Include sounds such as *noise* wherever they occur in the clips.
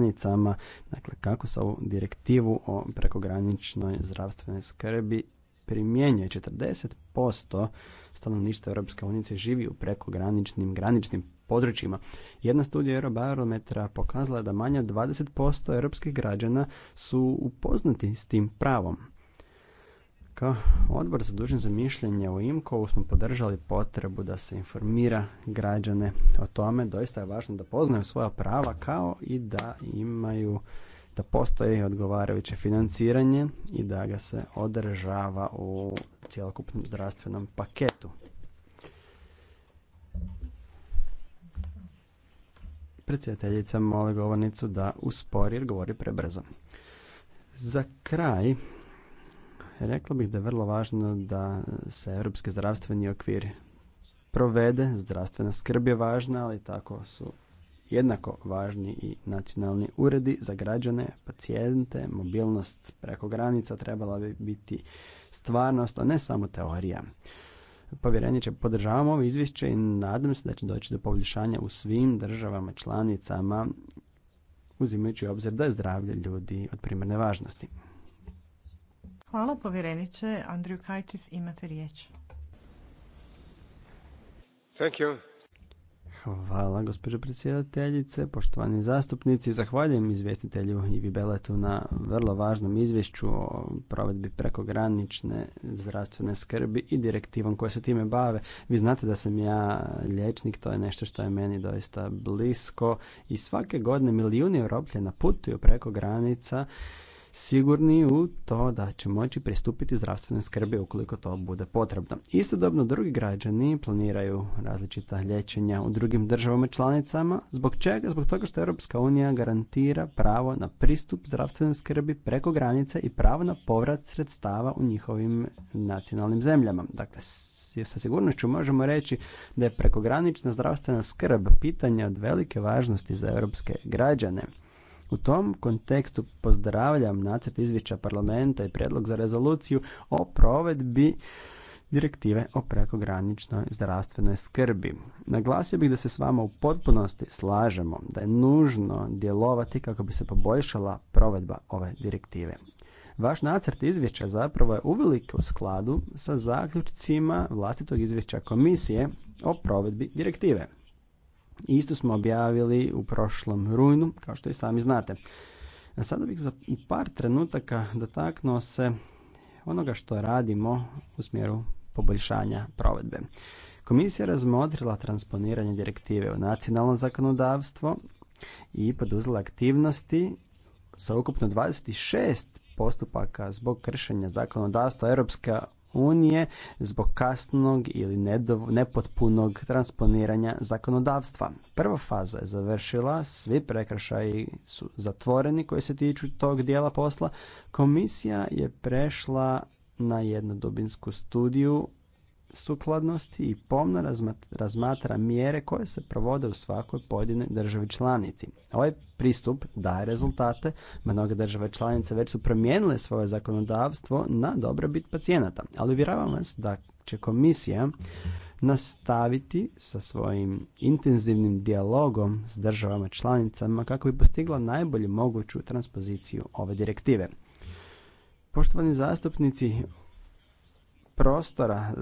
članicama, dakle kako se ovu direktivu o prekograničnoj zdravstvenoj skrbi primjenjuje 40% stanovništva Europske unice živi u prekograničnim graničnim područjima. Jedna studija Eurobarometra pokazala da manje od 20% europskih građana su upoznati s tim pravom odbor za za mišljenje u imko u smo podržali potrebu da se informira građane o tome doista je važno da poznaju svoja prava kao i da imaju da postoji odgovarajuće financiranje i da ga se održava u cjelokupnom zdravstvenom paketu predsjedateljica moli govornicu da uspori jer govori prebrzo za kraj Rekla bih da je vrlo važno da se europski zdravstveni okvir provede, zdravstvena skrb je važna, ali tako su jednako važni i nacionalni uredi za građane, pacijente, mobilnost preko granica trebala bi biti stvarnost, a ne samo teorija. Povjereniče, podržavamo ovo izvješće i nadam se da će doći do poboljšanja u svim državama članicama uzimajući obzir da je zdravlje ljudi od primarne važnosti. Hvala povjereniče. Andriju Kajtis, imate riječ. Thank you. Hvala gospođo predsjedateljice, poštovani zastupnici. Zahvaljujem izvjestitelju Ivi Beletu na vrlo važnom izvješću o provedbi prekogranične zdravstvene skrbi i direktivom koje se time bave. Vi znate da sam ja liječnik, to je nešto što je meni doista blisko i svake godine milijuni europljena putuju preko granica sigurni u to da će moći pristupiti zdravstvenoj skrbi ukoliko to bude potrebno. Istodobno drugi građani planiraju različita liječenja u drugim državama članicama. Zbog čega? Zbog toga što Europska unija garantira pravo na pristup zdravstvenoj skrbi preko granice i pravo na povrat sredstava u njihovim nacionalnim zemljama. Dakle, sa sigurnošću možemo reći da je prekogranična zdravstvena skrb pitanje od velike važnosti za europske građane. U tom kontekstu pozdravljam nacrt izvješća parlamenta i predlog za rezoluciju o provedbi direktive o prekograničnoj zdravstvenoj skrbi. Naglasio bih da se s vama u potpunosti slažemo da je nužno djelovati kako bi se poboljšala provedba ove direktive. Vaš nacrt izvješća zapravo je uvelike u skladu sa zaključcima vlastitog izvješća komisije o provedbi direktive. Isto smo objavili u prošlom rujnu, kao što i sami znate. A Sada bih za par trenutaka dotaknuo se onoga što radimo u smjeru poboljšanja provedbe. Komisija razmotrila transponiranje direktive u nacionalno zakonodavstvo i poduzela aktivnosti sa ukupno 26 postupaka zbog kršenja zakonodavstva Europska unije zbog kasnog ili nepotpunog transponiranja zakonodavstva. Prva faza je završila, svi prekršaji su zatvoreni koji se tiču tog dijela posla. Komisija je prešla na jednu dubinsku studiju sukladnosti i pomno razmatra mjere koje se provode u svakoj pojedinoj državi članici. Ovaj pristup daje rezultate, mnoge države članice već su promijenile svoje zakonodavstvo na dobrobit pacijenata, ali uvjeravam vas da će komisija nastaviti sa svojim intenzivnim dijalogom s državama članicama kako bi postigla najbolju moguću transpoziciju ove direktive. Poštovani zastupnici, prostora, e,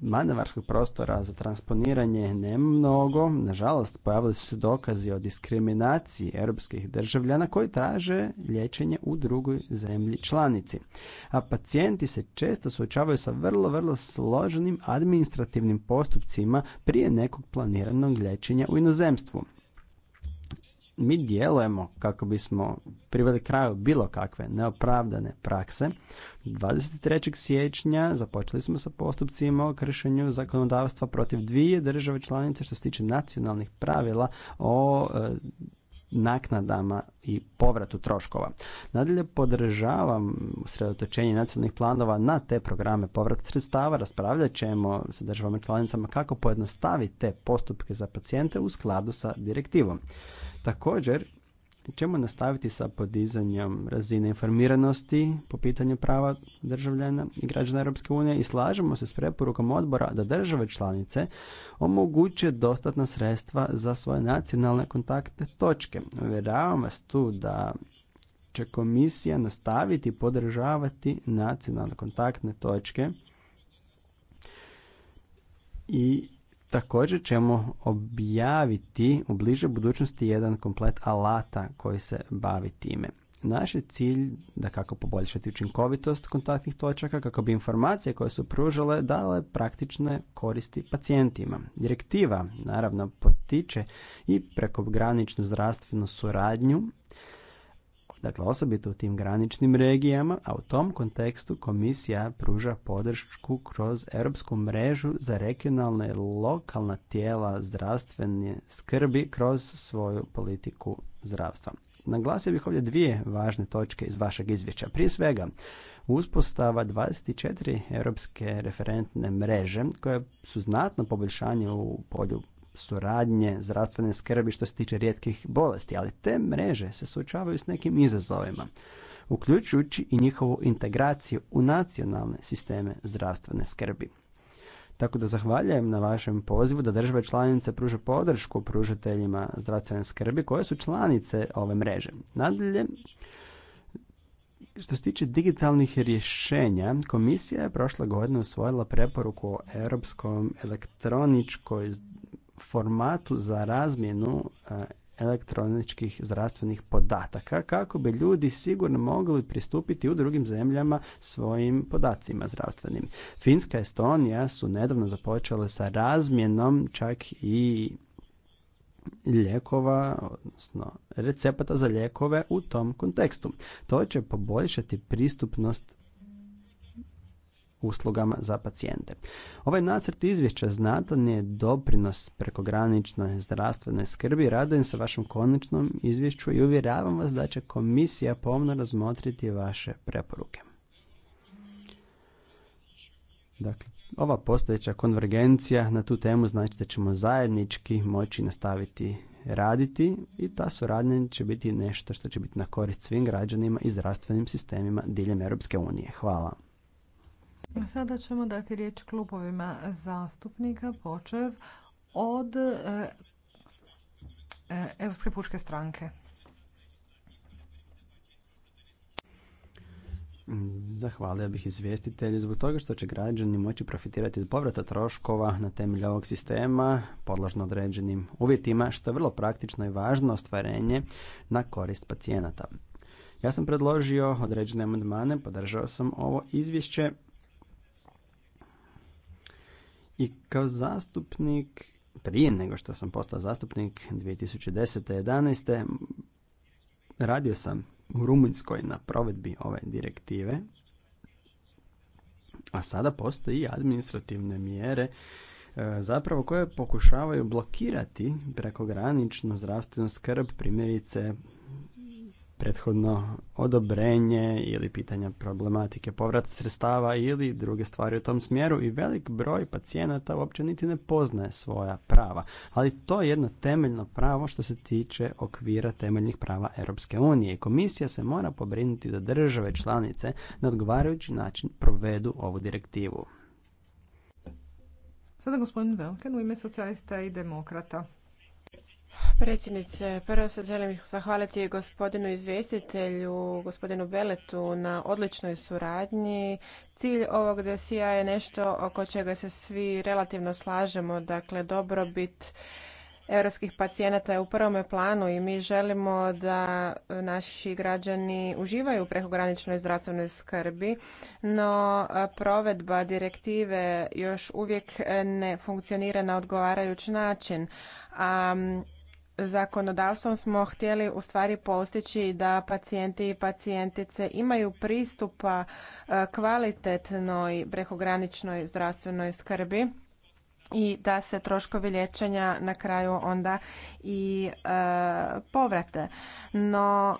manevarskog prostora za transponiranje ne mnogo. Nažalost, pojavili su se dokazi o diskriminaciji europskih državljana koji traže liječenje u drugoj zemlji članici. A pacijenti se često suočavaju sa vrlo, vrlo složenim administrativnim postupcima prije nekog planiranog liječenja u inozemstvu mi djelujemo kako bismo priveli kraju bilo kakve neopravdane prakse. 23. siječnja započeli smo sa postupcima o kršenju zakonodavstva protiv dvije države članice što se tiče nacionalnih pravila o e, naknadama i povratu troškova. Nadalje podržavam sredotočenje nacionalnih planova na te programe povrat sredstava. Raspravljat ćemo sa državama članicama kako pojednostaviti te postupke za pacijente u skladu sa direktivom. Također ćemo nastaviti sa podizanjem razine informiranosti po pitanju prava državljana i građana Europske unije i slažemo se s preporukom odbora da države članice omoguće dostatna sredstva za svoje nacionalne kontaktne točke. Uvjeravam vas tu da će komisija nastaviti podržavati nacionalne kontaktne točke i Također ćemo objaviti u bliže budućnosti jedan komplet alata koji se bavi time. Naš je cilj da kako poboljšati učinkovitost kontaktnih točaka kako bi informacije koje su pružale dale praktične koristi pacijentima. Direktiva naravno potiče i prekograničnu zdravstvenu suradnju dakle osobito u tim graničnim regijama, a u tom kontekstu komisija pruža podršku kroz europsku mrežu za regionalne i lokalna tijela zdravstvene skrbi kroz svoju politiku zdravstva. Naglasio bih ovdje dvije važne točke iz vašeg izvješća. Prije svega, uspostava 24 europske referentne mreže koje su znatno poboljšanje u polju suradnje, zdravstvene skrbi što se tiče rijetkih bolesti, ali te mreže se suočavaju s nekim izazovima, uključujući i njihovu integraciju u nacionalne sisteme zdravstvene skrbi. Tako da zahvaljujem na vašem pozivu da države članice pruže podršku pružateljima zdravstvene skrbi koje su članice ove mreže. Nadalje, što se tiče digitalnih rješenja, komisija je prošle godine usvojila preporuku o europskom elektroničkoj formatu za razmjenu e, elektroničkih zdravstvenih podataka kako bi ljudi sigurno mogli pristupiti u drugim zemljama svojim podacima zdravstvenim. Finska i Estonija su nedavno započele sa razmjenom čak i ljekova, odnosno recepata za lijekove u tom kontekstu. To će poboljšati pristupnost uslugama za pacijente. Ovaj nacrt izvješća znatan je doprinos prekograničnoj zdravstvenoj skrbi. Radujem se vašem konačnom izvješću i uvjeravam vas da će komisija pomno razmotriti vaše preporuke. Dakle, ova postojeća konvergencija na tu temu znači da ćemo zajednički moći nastaviti raditi i ta suradnja će biti nešto što će biti na korist svim građanima i zdravstvenim sistemima diljem Europske unije. Hvala. Sada ćemo dati riječ klubovima zastupnika počev od e, e, Europske pučke stranke. Zahvalio bih izvjestitelju zbog toga što će građani moći profitirati od povrata troškova na temelju ovog sistema podložno određenim uvjetima što je vrlo praktično i važno ostvarenje na korist pacijenata. Ja sam predložio određene amandmane, podržao sam ovo izvješće i kao zastupnik, prije nego što sam postao zastupnik 2010. 11. radio sam u Rumunjskoj na provedbi ove direktive, a sada postoji administrativne mjere e, zapravo koje pokušavaju blokirati prekograničnu zdravstvenu skrb, primjerice prethodno odobrenje ili pitanja problematike povrata sredstava ili druge stvari u tom smjeru i velik broj pacijenata uopće niti ne poznaje svoja prava. Ali to je jedno temeljno pravo što se tiče okvira temeljnih prava Europske unije. Komisija se mora pobrinuti da države članice na odgovarajući način provedu ovu direktivu. Sada gospodin Velken u ime socijalista i demokrata predsjednice prvo se želim zahvaliti gospodinu izvjestitelju gospodinu beletu na odličnoj suradnji cilj ovog dosjea je nešto oko čega se svi relativno slažemo dakle dobrobit europskih pacijenata je u prvome planu i mi želimo da naši građani uživaju u prekograničnoj zdravstvenoj skrbi, no provedba direktive još uvijek ne funkcionira na odgovarajući način. A zakonodavstvom smo htjeli u stvari postići da pacijenti i pacijentice imaju pristupa e, kvalitetnoj prekograničnoj zdravstvenoj skrbi i da se troškovi liječenja na kraju onda i e, povrate. No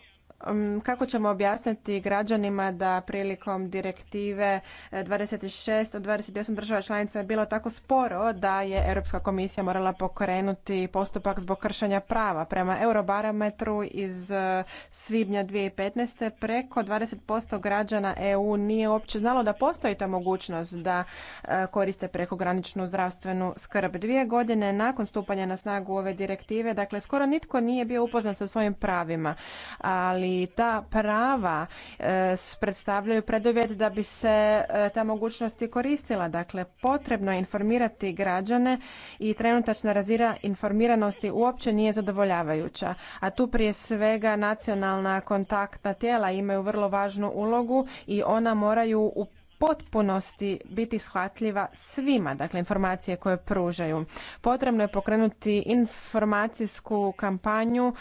Um, kako ćemo objasniti građanima da prilikom direktive 26 eh, od 28 država članica je bilo tako sporo da je Europska komisija morala pokrenuti postupak zbog kršenja prava. Prema Eurobarometru iz eh, svibnja 2015. preko 20% građana EU nije uopće znalo da postoji ta mogućnost da eh, koriste prekograničnu zdravstvenu skrb. Dvije godine nakon stupanja na snagu ove direktive, dakle skoro nitko nije bio upoznan sa svojim pravima, ali ta prava e, predstavljaju preduvjet da bi se e, ta mogućnost i koristila. Dakle, potrebno je informirati građane i trenutačna razira informiranosti uopće nije zadovoljavajuća. A tu prije svega nacionalna kontaktna tijela imaju vrlo važnu ulogu i ona moraju u potpunosti biti shvatljiva svima, dakle informacije koje pružaju. Potrebno je pokrenuti informacijsku kampanju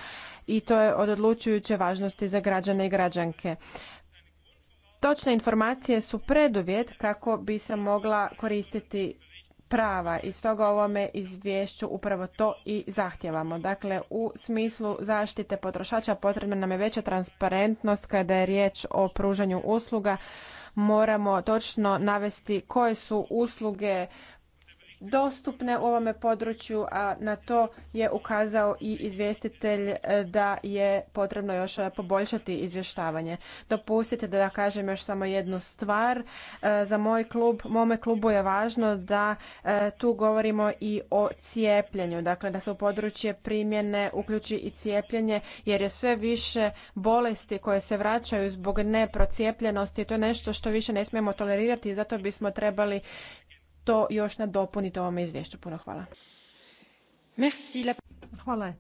i to je od odlučujuće važnosti za građane i građanke. Točne informacije su preduvjet kako bi se mogla koristiti prava i stoga ovome izvješću upravo to i zahtjevamo. Dakle, u smislu zaštite potrošača potrebna nam je veća transparentnost kada je riječ o pružanju usluga. Moramo točno navesti koje su usluge dostupne u ovome području, a na to je ukazao i izvjestitelj e, da je potrebno još e, poboljšati izvještavanje. Dopustite da kažem još samo jednu stvar. E, za moj klub, mome klubu je važno da tu govorimo i o cijepljenju, dakle da se u područje primjene uključi i cijepljenje, jer je sve više bolesti koje se vraćaju zbog neprocijepljenosti. To je nešto što više ne smijemo tolerirati i zato bismo trebali to još nadopunite ovome izvješću. Puno hvala. Merci. Hvala.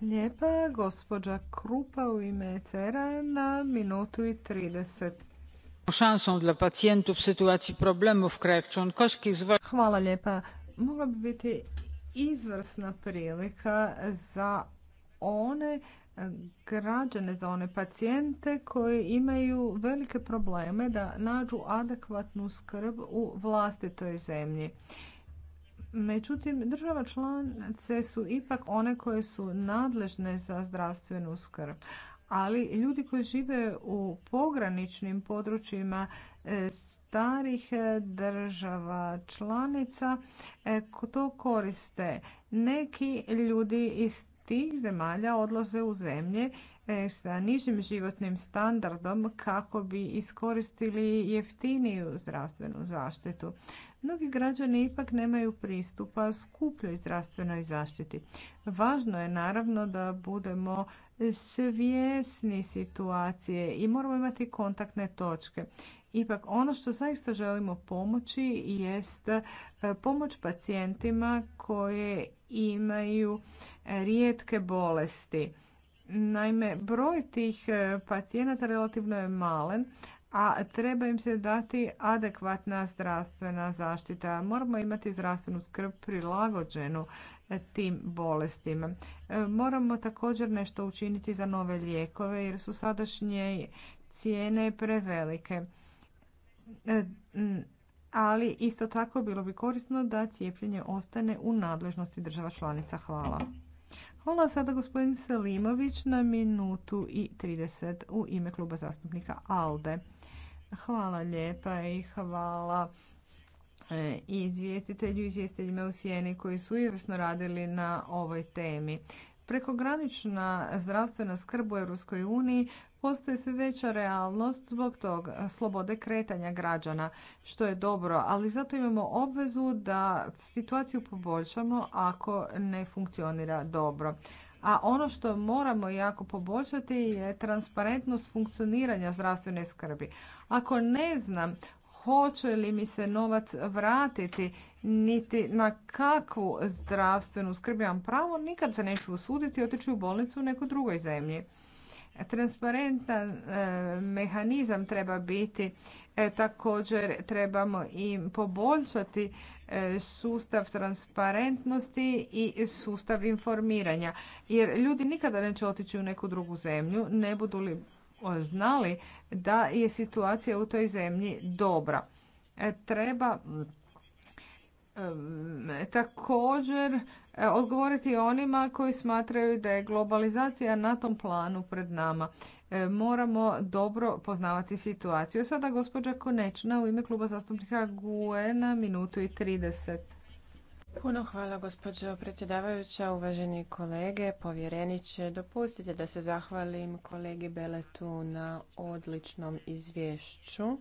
Lijepa gospođa Krupa u ime Cera na minutu i 30. Hvala lijepa. Mogla bi biti izvrsna prilika za one građane, za one pacijente koji imaju velike probleme da nađu adekvatnu skrb u vlastitoj zemlji. Međutim, država članice su ipak one koje su nadležne za zdravstvenu skrb. Ali ljudi koji žive u pograničnim područjima e, starih e, država članica e, to koriste. Neki ljudi iz tih zemalja odlaze u zemlje e, sa nižim životnim standardom kako bi iskoristili jeftiniju zdravstvenu zaštitu. Mnogi građani ipak nemaju pristupa skupljoj zdravstvenoj zaštiti. Važno je naravno da budemo svjesni situacije i moramo imati kontaktne točke. Ipak ono što zaista želimo pomoći jest e, pomoć pacijentima koje imaju e, rijetke bolesti. Naime, broj tih e, pacijenata relativno je malen, a treba im se dati adekvatna zdravstvena zaštita. Moramo imati zdravstvenu skrb prilagođenu tim bolestima. Moramo također nešto učiniti za nove lijekove jer su sadašnje cijene prevelike. E, ali isto tako bilo bi korisno da cijepljenje ostane u nadležnosti država članica. Hvala. Hvala sada gospodin Selimović na minutu i 30 u ime kluba zastupnika ALDE. Hvala lijepa i hvala e, izvjestitelju i izvjestiteljima u Sijeni koji su uvrsno radili na ovoj temi. Prekogranična zdravstvena skrb u EU postoji sve veća realnost zbog tog e, slobode kretanja građana, što je dobro, ali zato imamo obvezu da situaciju poboljšamo ako ne funkcionira dobro. A ono što moramo jako poboljšati je transparentnost funkcioniranja zdravstvene skrbi. Ako ne znam hoće li mi se novac vratiti, niti na kakvu zdravstvenu skrb imam pravo, nikad se neću usuditi otići u bolnicu u nekoj drugoj zemlji. Transparentan e, mehanizam treba biti, e, također trebamo i poboljšati e, sustav transparentnosti i sustav informiranja. Jer ljudi nikada neće otići u neku drugu zemlju, ne budu li znali da je situacija u toj zemlji dobra. Treba također E, odgovoriti onima koji smatraju da je globalizacija na tom planu pred nama. E, moramo dobro poznavati situaciju. Sada gospođa Konečna u ime kluba zastupnika GUE na minutu i 30. Puno hvala gospođo predsjedavajuća, uvaženi kolege, povjereniče. Dopustite da se zahvalim kolegi Beletu na odličnom izvješću.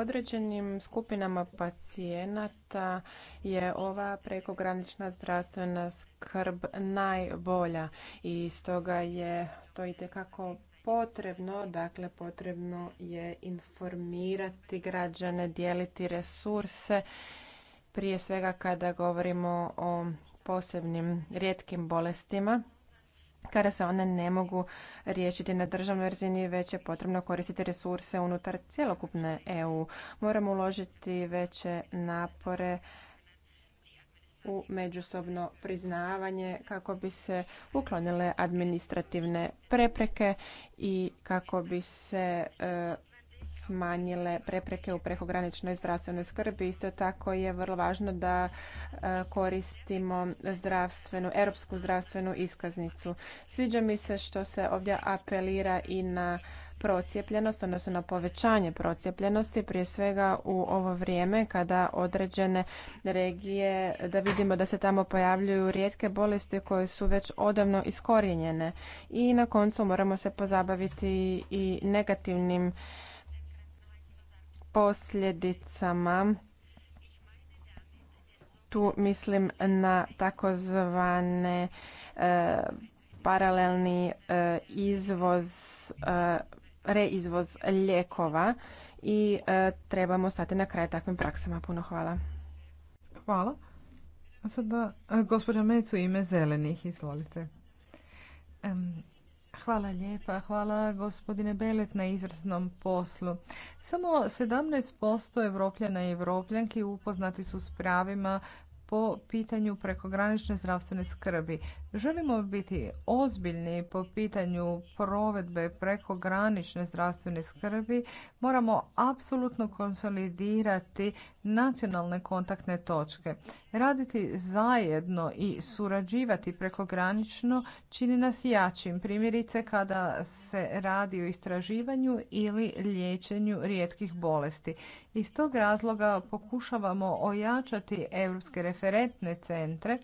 Određenim skupinama pacijenata je ova prekogranična zdravstvena skrb najbolja i stoga je to itekako potrebno, dakle potrebno je informirati građane, dijeliti resurse, prije svega kada govorimo o posebnim rijetkim bolestima kada se one ne mogu riješiti na državnoj razini, već je potrebno koristiti resurse unutar cjelokupne EU. Moramo uložiti veće napore u međusobno priznavanje kako bi se uklonile administrativne prepreke i kako bi se e, smanjile prepreke u prekograničnoj zdravstvenoj skrbi. Isto tako je vrlo važno da e, koristimo zdravstvenu, europsku zdravstvenu iskaznicu. Sviđa mi se što se ovdje apelira i na procijepljenost, odnosno na povećanje procijepljenosti, prije svega u ovo vrijeme kada određene regije, da vidimo da se tamo pojavljuju rijetke bolesti koje su već odavno iskorjenjene. I na koncu moramo se pozabaviti i negativnim posljedicama tu mislim na takozvane e, paralelni e, izvoz e, reizvoz lijekova i trebamo stati na kraj takvim praksama. Puno hvala. Hvala. A sada gospođa Mecu ime zelenih, izvolite. Hvala lijepa. Hvala gospodine Belet na izvrsnom poslu. Samo 17% evropljana i evropljanki upoznati su s pravima po pitanju prekogranične zdravstvene skrbi. Želimo biti ozbiljni po pitanju provedbe prekogranične zdravstvene skrbi. Moramo apsolutno konsolidirati nacionalne kontaktne točke. Raditi zajedno i surađivati prekogranično čini nas jačim, primjerice kada se radi o istraživanju ili liječenju rijetkih bolesti. Iz tog razloga pokušavamo ojačati europske referentne centre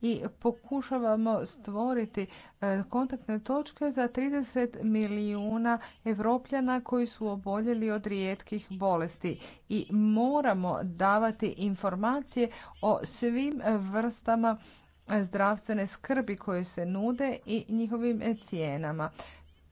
i pokušavamo stvoriti e, kontaktne točke za 30 milijuna evropljana koji su oboljeli od rijetkih bolesti i moramo davati informacije o svim vrstama zdravstvene skrbi koje se nude i njihovim cijenama.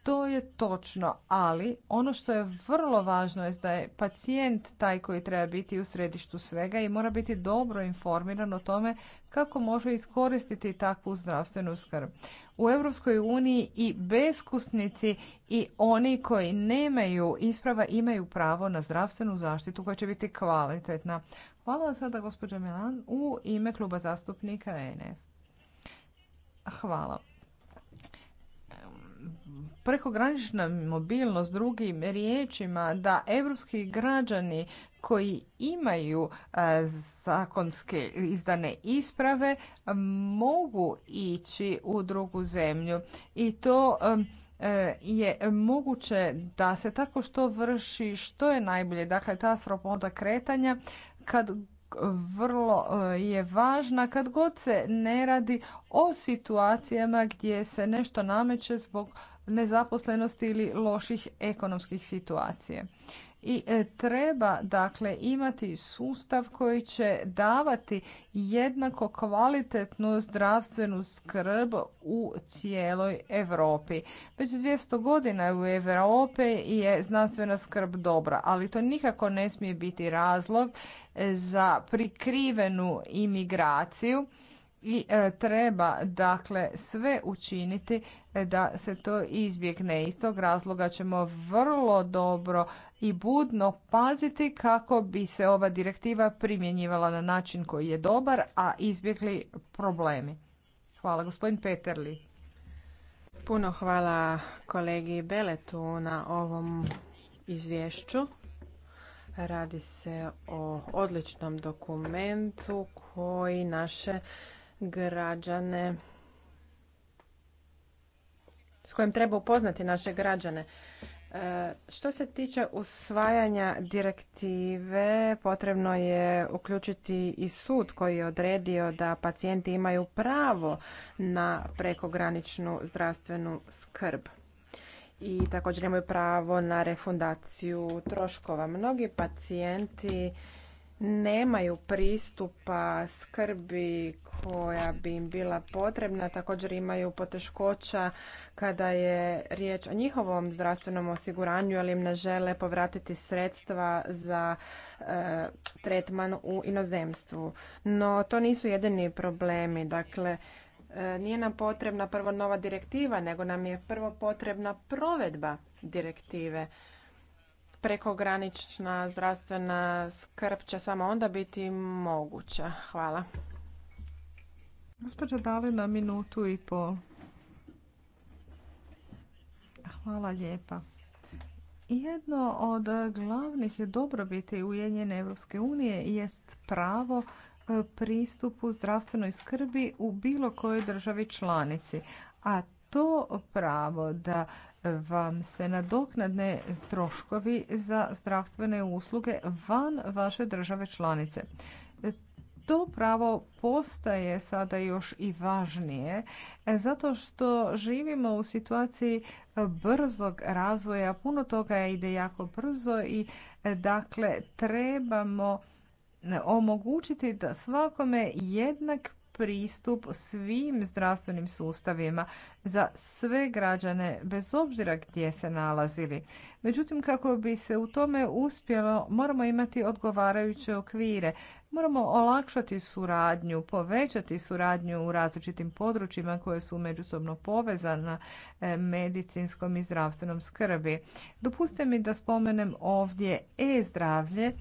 To je točno, ali ono što je vrlo važno je da je pacijent taj koji treba biti u središtu svega i mora biti dobro informiran o tome kako može iskoristiti takvu zdravstvenu skrb. U Europskoj uniji i beskusnici i oni koji nemaju isprava imaju pravo na zdravstvenu zaštitu koja će biti kvalitetna. Hvala vam sada gospođa Milan u ime kluba zastupnika NF. Hvala prekogranična mobilnost drugim riječima da europski građani koji imaju e, zakonske izdane isprave mogu ići u drugu zemlju i to e, je moguće da se tako što vrši što je najbolje. Dakle, ta sloboda kretanja kad vrlo e, je važna kad god se ne radi o situacijama gdje se nešto nameće zbog nezaposlenosti ili loših ekonomskih situacije. I e, treba dakle imati sustav koji će davati jednako kvalitetnu zdravstvenu skrb u cijeloj Europi. Već 200 godina u Europi je znanstvena skrb dobra, ali to nikako ne smije biti razlog e, za prikrivenu imigraciju i e, treba dakle sve učiniti e, da se to izbjegne. Iz tog razloga ćemo vrlo dobro i budno paziti kako bi se ova direktiva primjenjivala na način koji je dobar, a izbjegli problemi. Hvala, gospodin Peterli. Puno hvala kolegi Beletu na ovom izvješću. Radi se o odličnom dokumentu koji naše građane s kojim treba upoznati naše građane. E, što se tiče usvajanja direktive, potrebno je uključiti i sud koji je odredio da pacijenti imaju pravo na prekograničnu zdravstvenu skrb i također imaju pravo na refundaciju troškova. Mnogi pacijenti nemaju pristupa skrbi koja bi im bila potrebna, također imaju poteškoća kada je riječ o njihovom zdravstvenom osiguranju, ali im ne žele povratiti sredstva za e, tretman u inozemstvu. No to nisu jedini problemi, dakle e, nije nam potrebna prvo nova direktiva, nego nam je prvo potrebna provedba direktive prekogranična zdravstvena skrb će samo onda biti moguća. Hvala. Gospođa na minutu i pol. Hvala lijepa. Jedno od glavnih dobrobiti Ujedinjene Europske unije jest pravo e, pristupu zdravstvenoj skrbi u bilo kojoj državi članici. A to pravo da vam se nadoknadne troškovi za zdravstvene usluge van vaše države članice. To pravo postaje sada još i važnije zato što živimo u situaciji brzog razvoja. Puno toga ide jako brzo i dakle trebamo omogućiti da svakome jednak pristup svim zdravstvenim sustavima za sve građane bez obzira gdje se nalazili. Međutim, kako bi se u tome uspjelo, moramo imati odgovarajuće okvire. Moramo olakšati suradnju, povećati suradnju u različitim područjima koje su međusobno povezana e, medicinskom i zdravstvenom skrbi. Dopustite mi da spomenem ovdje e-zdravlje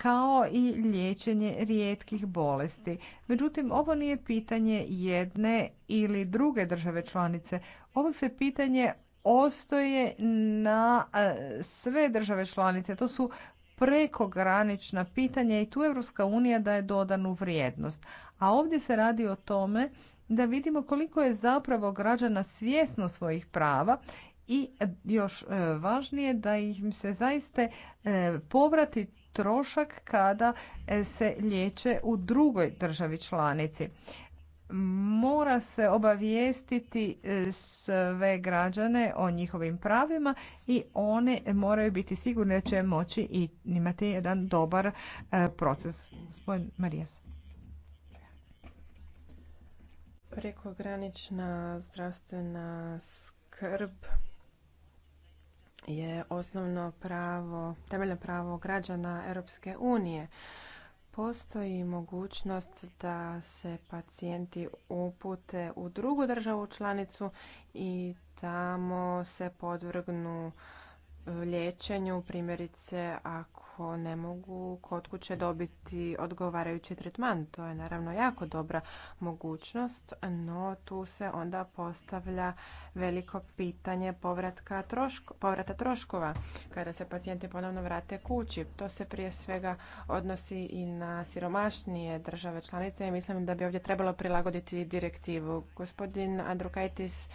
kao i liječenje rijetkih bolesti. Međutim, ovo nije pitanje jedne ili druge države članice. Ovo se pitanje ostoje na e, sve države članice. To su prekogranična pitanja i tu Evropska unija daje dodanu vrijednost. A ovdje se radi o tome da vidimo koliko je zapravo građana svjesno svojih prava i još e, važnije da im se zaiste povrati trošak kada se liječe u drugoj državi članici. Mora se obavijestiti e, sve građane o njihovim pravima i one moraju biti sigurni da će moći imati jedan dobar e, proces. Gospodin Marijas. Prekogranična zdravstvena skrb je osnovno pravo, temeljno pravo građana Europske unije. Postoji mogućnost da se pacijenti upute u drugu državu članicu i tamo se podvrgnu liječenju, primjerice ako ako ne mogu kod kuće dobiti odgovarajući tretman. To je naravno jako dobra mogućnost, no tu se onda postavlja veliko pitanje povratka povrata troškova kada se pacijenti ponovno vrate kući. To se prije svega odnosi i na siromašnije države članice i mislim da bi ovdje trebalo prilagoditi direktivu. Gospodin Andrukaitis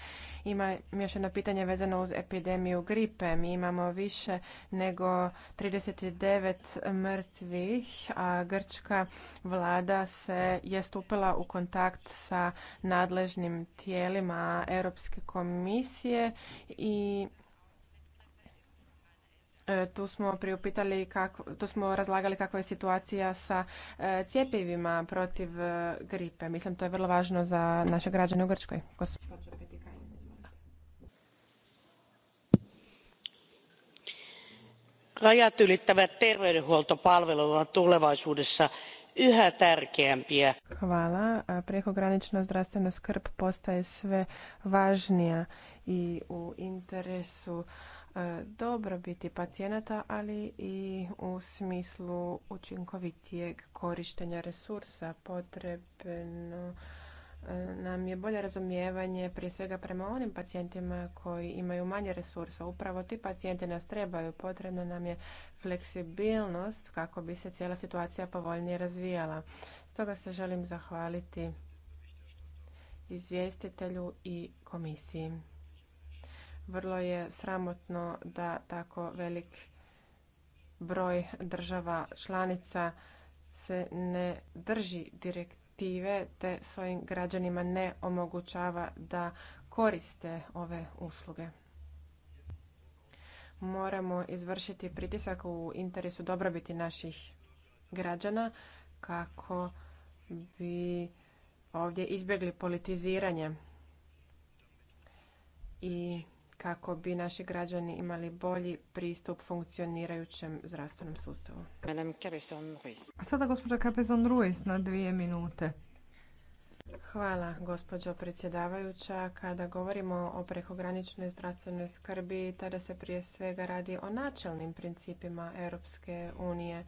ima još jedno pitanje vezano uz epidemiju gripe. Mi imamo više nego 39 devet mrtvih, a grčka vlada se je stupila u kontakt sa nadležnim tijelima Europske komisije i e, tu smo priupitali kako, tu smo razlagali kakva je situacija sa e, cjepivima protiv e, gripe. Mislim to je vrlo važno za naše građane u Grčkoj. rajat ylittävät terveydenhuoltopalvelut ovat tulevaisuudessa yhä tärkeämpiä. Hvala. Prekogranična zdravstvena skrb postaje sve važnija i u interesu e, dobrobiti pacijenata, ali i u smislu učinkovitijeg korištenja resursa potrebno nam je bolje razumijevanje prije svega prema onim pacijentima koji imaju manje resursa. Upravo ti pacijenti nas trebaju. Potrebna nam je fleksibilnost kako bi se cijela situacija povoljnije razvijala. Stoga se želim zahvaliti izvjestitelju i komisiji. Vrlo je sramotno da tako velik broj država članica se ne drži direktivno direktive te svojim građanima ne omogućava da koriste ove usluge. Moramo izvršiti pritisak u interesu dobrobiti naših građana kako bi ovdje izbjegli politiziranje i kako bi naši građani imali bolji pristup funkcionirajućem zdravstvenom sustavu. A sada gospođa Kapezon Ruiz na dvije minute. Hvala, gospođo predsjedavajuća. Kada govorimo o prekograničnoj zdravstvenoj skrbi, tada se prije svega radi o načelnim principima Europske unije.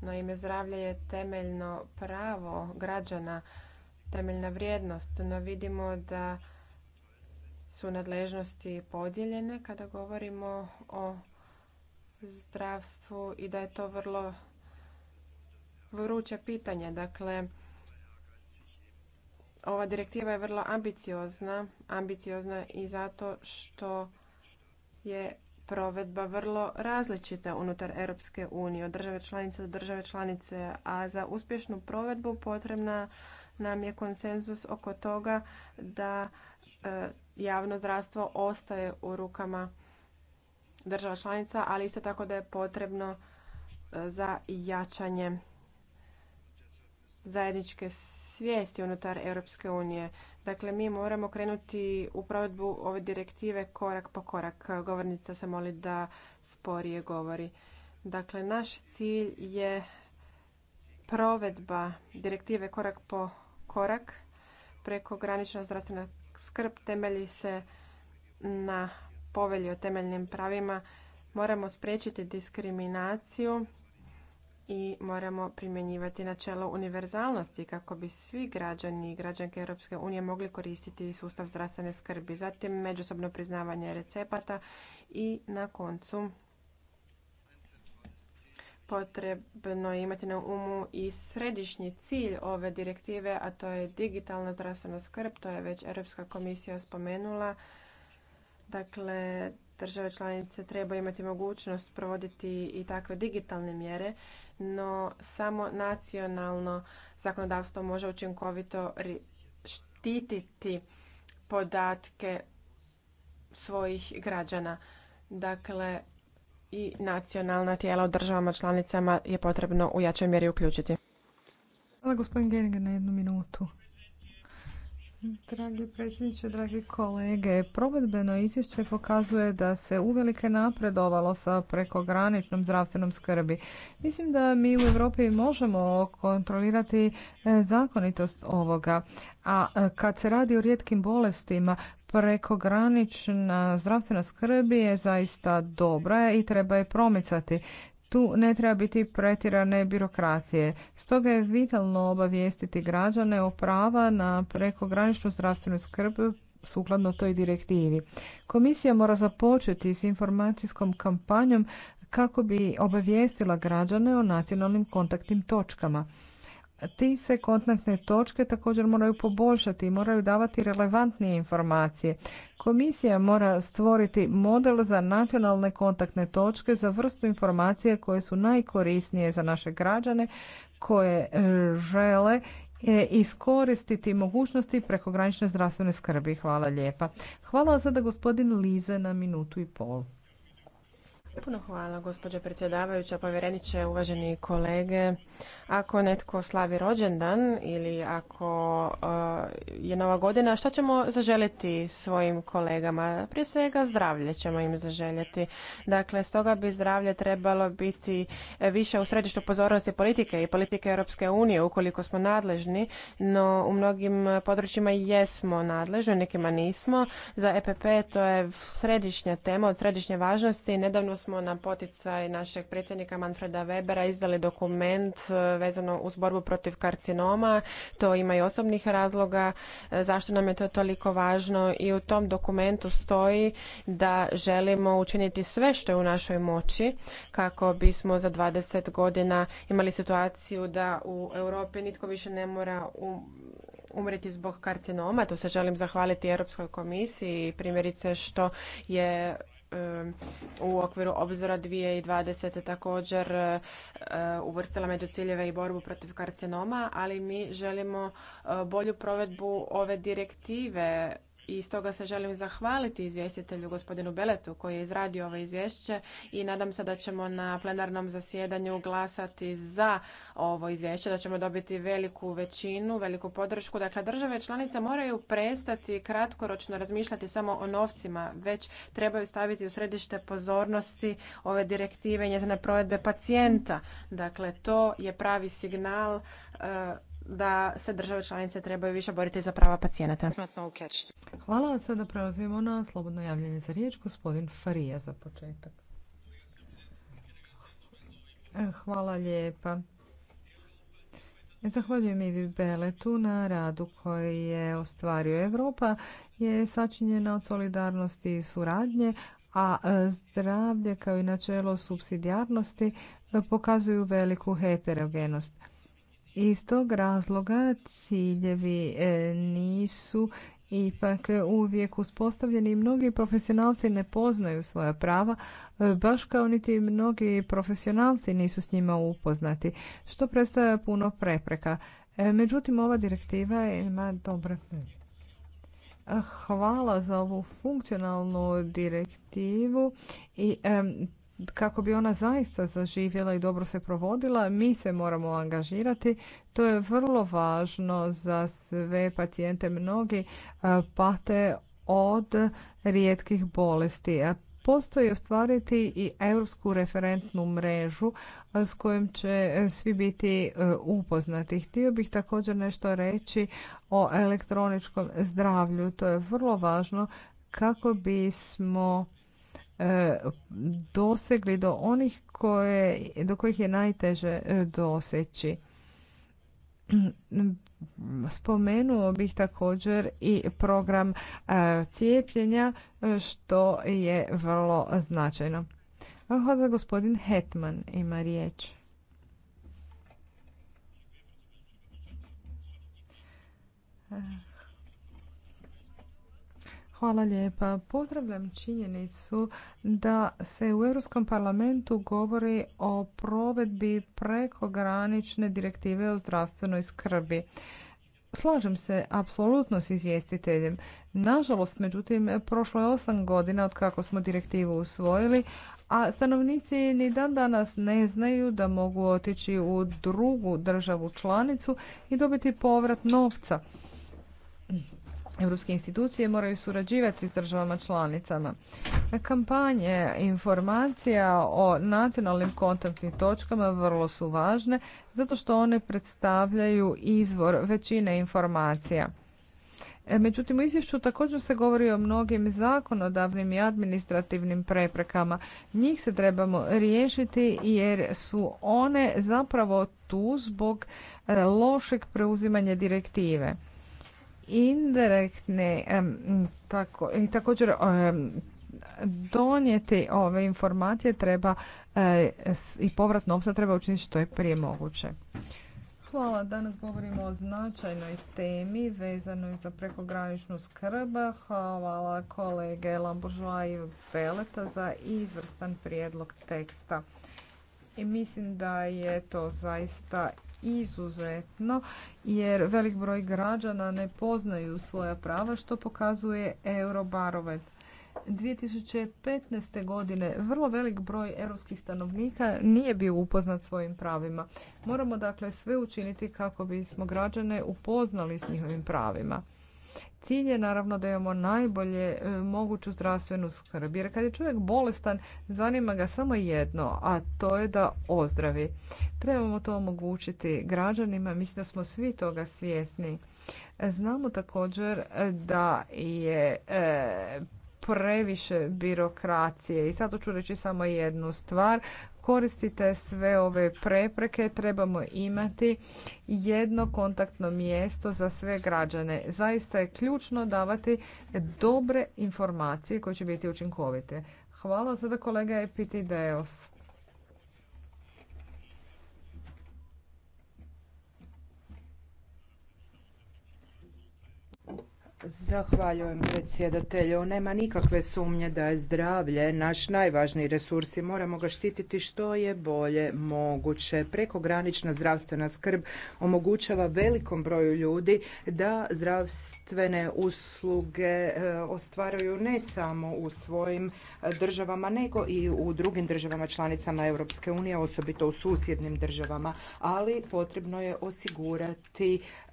Naime, zdravlje je temeljno pravo građana, temeljna vrijednost, no vidimo da su nadležnosti podijeljene kada govorimo o zdravstvu i da je to vrlo vruće pitanje. Dakle, ova direktiva je vrlo ambiciozna, ambiciozna i zato što je provedba vrlo različita unutar Europske unije, od države članice do države članice, a za uspješnu provedbu potrebna nam je konsenzus oko toga da e, javno zdravstvo ostaje u rukama država članica, ali isto tako da je potrebno e, za jačanje zajedničke svijesti unutar Europske unije. Dakle, mi moramo krenuti u provedbu ove direktive korak po korak. Govornica se moli da sporije govori. Dakle, naš cilj je provedba direktive korak po korak preko granična zdravstvena skrb temelji se na povelji o temeljnim pravima. Moramo spriječiti diskriminaciju i moramo primjenjivati načelo univerzalnosti kako bi svi građani i građanke Europske unije mogli koristiti sustav zdravstvene skrbi. Zatim međusobno priznavanje recepata i na koncu potrebno je imati na umu i središnji cilj ove direktive, a to je digitalna zdravstvena skrb, to je već Europska komisija spomenula. Dakle, države članice treba imati mogućnost provoditi i takve digitalne mjere, no samo nacionalno zakonodavstvo može učinkovito štititi podatke svojih građana. Dakle, i nacionalna tijela u državama članicama je potrebno u jačoj mjeri uključiti. Hvala gospodin na jednu minutu. Dragi predsjedniče, dragi kolege, provedbeno izvješće pokazuje da se uvelike napredovalo sa prekograničnom zdravstvenom skrbi. Mislim da mi u Europi možemo kontrolirati e, zakonitost ovoga, a e, kad se radi o rijetkim bolestima, prekogranična zdravstvena skrb je zaista dobra i treba je promicati tu ne treba biti pretirane birokracije. Stoga je vitalno obavijestiti građane o prava na prekograničnu zdravstvenu skrb sukladno toj direktivi. Komisija mora započeti s informacijskom kampanjom kako bi obavijestila građane o nacionalnim kontaktnim točkama ti se kontaktne točke također moraju poboljšati i moraju davati relevantnije informacije. Komisija mora stvoriti model za nacionalne kontaktne točke za vrstu informacije koje su najkorisnije za naše građane koje e, žele e, iskoristiti mogućnosti prekogranične zdravstvene skrbi. Hvala lijepa. Hvala sada gospodin Lize na minutu i pol. Puno hvala, gospođo predsjedavajuća, povjereniče, uvaženi kolege. Ako netko slavi rođendan ili ako eh, je nova godina, što ćemo zaželjeti svojim kolegama? Prije svega zdravlje ćemo im zaželjeti. Dakle, stoga bi zdravlje trebalo biti više u središtu pozornosti politike i politike Europske unije, ukoliko smo nadležni, no u mnogim područjima jesmo nadležni, nekima nismo. Za EPP to je središnja tema od središnje važnosti. Nedavno smo na poticaj našeg predsjednika Manfreda Webera izdali dokument e, vezano uz borbu protiv karcinoma. To ima i osobnih razloga e, zašto nam je to toliko važno i u tom dokumentu stoji da želimo učiniti sve što je u našoj moći kako bismo za 20 godina imali situaciju da u Europi nitko više ne mora u umreti zbog karcinoma. Tu se želim zahvaliti Europskoj komisiji primjerice što je u okviru obzora 2020. također eh, uvrstila među ciljeve i borbu protiv karcinoma, ali mi želimo eh, bolju provedbu ove direktive i stoga se želim zahvaliti izvjestitelju gospodinu Beletu koji je izradio ovo izvješće i nadam se da ćemo na plenarnom zasjedanju glasati za ovo izvješće, da ćemo dobiti veliku većinu, veliku podršku. Dakle, države članice moraju prestati kratkoročno razmišljati samo o novcima, već trebaju staviti u središte pozornosti ove direktive njezine provedbe pacijenta. Dakle, to je pravi signal e, da se države članice trebaju više boriti za prava pacijenata. Hvala, sada prelazimo na slobodno javljanje za riječ. Gospodin Farija za početak. Hvala lijepa. Zahvaljujem i Beletu na radu koji je ostvario. Evropa. je sačinjena od solidarnosti i suradnje, a zdravlje kao i načelo subsidijarnosti pokazuju veliku heterogenost. Iz tog razloga ciljevi e, nisu ipak uvijek uspostavljeni i mnogi profesionalci ne poznaju svoja prava, e, baš kao niti mnogi profesionalci nisu s njima upoznati, što predstavlja puno prepreka. E, međutim, ova direktiva ima dobre Hvala za ovu funkcionalnu direktivu i kako bi ona zaista zaživjela i dobro se provodila, mi se moramo angažirati. To je vrlo važno za sve pacijente. Mnogi e, pate od rijetkih bolesti. E, postoji ostvariti i europsku referentnu mrežu e, s kojom će svi biti upoznati. Htio bih također nešto reći o elektroničkom zdravlju. To je vrlo važno kako bismo E, dosegli do onih koje, do kojih je najteže e, doseći. *clears throat* Spomenuo bih također i program e, cijepljenja što je vrlo značajno. Hvala gospodin Hetman ima riječ. Hvala lijepa. Pozdravljam činjenicu da se u Europskom parlamentu govori o provedbi prekogranične direktive o zdravstvenoj skrbi. Slažem se apsolutno s izvjestiteljem. Nažalost, međutim, prošlo je osam godina od kako smo direktivu usvojili, a stanovnici ni dan danas ne znaju da mogu otići u drugu državu članicu i dobiti povrat novca Europske institucije moraju surađivati s državama članicama. Kampanje informacija o nacionalnim kontaktnim točkama vrlo su važne zato što one predstavljaju izvor većine informacija. E, međutim, u izvješću također se govori o mnogim zakonodavnim i administrativnim preprekama. Njih se trebamo riješiti jer su one zapravo tu zbog e, lošeg preuzimanja direktive indirektni tako, i također donijeti ove informacije treba e, i povrat novca treba učiniti što je prije moguće. Hvala. Danas govorimo o značajnoj temi vezanoj za prekograničnu skrb. Hvala kolege Lambožva i Veleta za izvrstan prijedlog teksta. I mislim da je to zaista izuzetno jer velik broj građana ne poznaju svoja prava što pokazuje Eurobarovet. 2015. godine vrlo velik broj europskih stanovnika nije bio upoznat svojim pravima. Moramo dakle sve učiniti kako bismo građane upoznali s njihovim pravima. Cilj je naravno da imamo najbolje e, moguću zdravstvenu skrb, jer kad je čovjek bolestan, zanima ga samo jedno, a to je da ozdravi. Trebamo to omogućiti građanima, mislim da smo svi toga svjesni. Znamo također da je e, previše birokracije i sada ću reći samo jednu stvar koristite sve ove prepreke, trebamo imati jedno kontaktno mjesto za sve građane. Zaista je ključno davati dobre informacije koje će biti učinkovite. Hvala sada kolega Epitideos. Zahvaljujem predsjedatelju. Nema nikakve sumnje da je zdravlje naš najvažniji resurs i moramo ga štititi što je bolje moguće. Prekogranična zdravstvena skrb omogućava velikom broju ljudi da zdravstvene usluge e, ostvaruju ne samo u svojim e, državama nego i u drugim državama članicama Europske unije, osobito u susjednim državama, ali potrebno je osigurati e,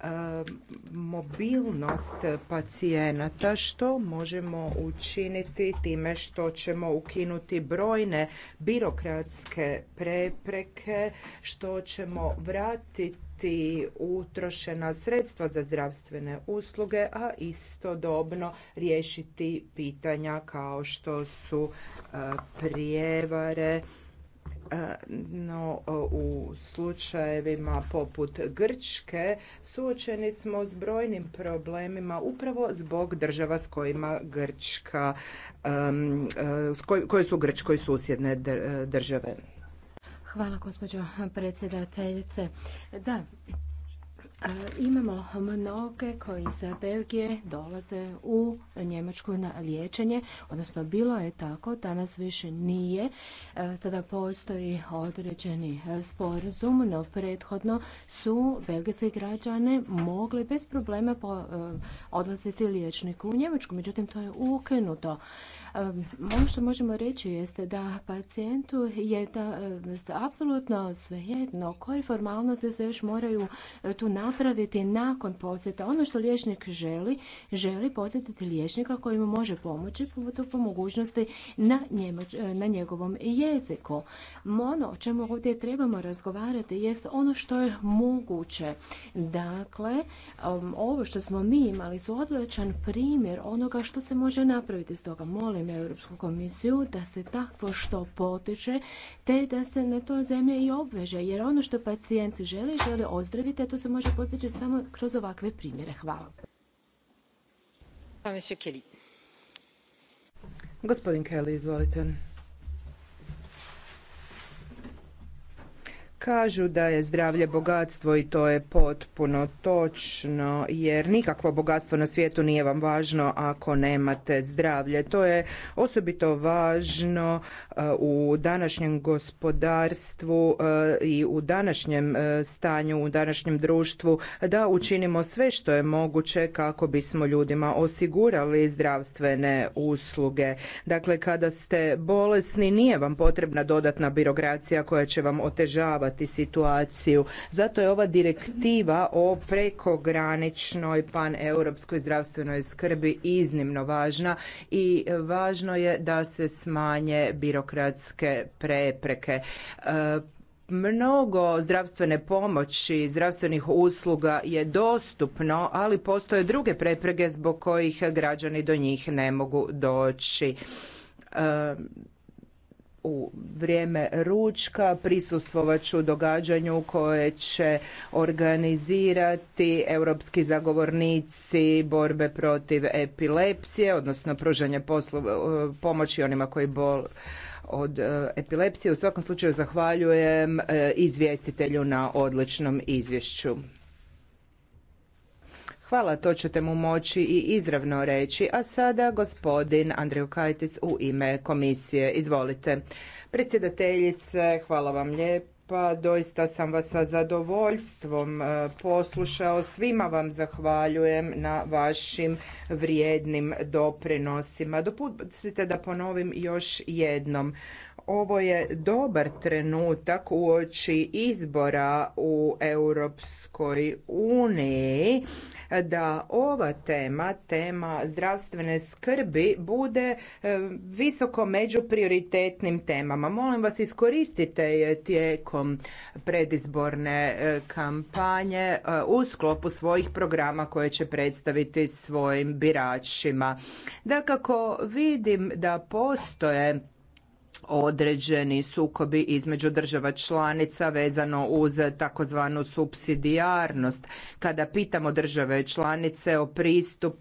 mobilnost pa pacijenata što možemo učiniti time što ćemo ukinuti brojne birokratske prepreke, što ćemo vratiti utrošena sredstva za zdravstvene usluge, a istodobno riješiti pitanja kao što su e, prijevare, no, e, u slučajevima poput Grčke suočeni smo s brojnim problemima upravo zbog država s kojima Grčka, e, koje su Grčkoj susjedne e, države. Hvala gospođo predsjedateljice. Da, Imamo mnoge koji iz Belgije dolaze u Njemačku na liječenje, odnosno bilo je tako, danas više nije. Sada postoji određeni sporazum, no prethodno su belgijski građane mogli bez problema odlaziti liječniku u Njemačku, međutim to je ukinuto. Ehm, ono što možemo reći jeste da pacijentu je da ehm, apsolutno svejedno koje formalnosti se još moraju e, tu napraviti nakon posjeta. Ono što liječnik želi, želi posjetiti liječnika koji mu može pomoći po mogućnosti na, e, na njegovom jeziku. Ono o čemu ovdje trebamo razgovarati jest ono što je moguće. Dakle, ehm, ovo što smo mi imali su odličan primjer onoga što se može napraviti. Stoga molim na Europsku komisiju da se takvo što potiče te da se na to zemlje i obveže. Jer ono što pacijenti žele, žele ozdraviti, a to se može postići samo kroz ovakve primjere. Hvala. Gospodin Kelly, izvolite. Kažu da je zdravlje bogatstvo i to je potpuno točno jer nikakvo bogatstvo na svijetu nije vam važno ako nemate zdravlje. To je osobito važno uh, u današnjem gospodarstvu uh, i u današnjem uh, stanju, u današnjem društvu da učinimo sve što je moguće kako bismo ljudima osigurali zdravstvene usluge. Dakle, kada ste bolesni nije vam potrebna dodatna birokracija koja će vam otežavati rješavati situaciju. Zato je ova direktiva o prekograničnoj paneuropskoj zdravstvenoj skrbi iznimno važna i važno je da se smanje birokratske prepreke e, mnogo zdravstvene pomoći, zdravstvenih usluga je dostupno, ali postoje druge prepreke zbog kojih građani do njih ne mogu doći. E, u vrijeme ručka prisustvovat ću događanju koje će organizirati europski zagovornici borbe protiv epilepsije, odnosno pružanje eh, pomoći onima koji bol od eh, epilepsije. U svakom slučaju zahvaljujem eh, izvjestitelju na odličnom izvješću. Hvala, to ćete mu moći i izravno reći. A sada gospodin Andriju Kajtis u ime komisije. Izvolite. Predsjedateljice, hvala vam lijepa. Doista sam vas sa zadovoljstvom e, poslušao. Svima vam zahvaljujem na vašim vrijednim doprinosima. Dopustite da ponovim još jednom ovo je dobar trenutak uoči izbora u Europskoj uniji da ova tema, tema zdravstvene skrbi bude e, visoko među prioritetnim temama. Molim vas iskoristite je tijekom predizborne e, kampanje e, u sklopu svojih programa koje će predstaviti svojim biračima. Dakako vidim da postoje određeni sukobi između država članica vezano uz takozvanu subsidijarnost. Kada pitamo države članice o pristup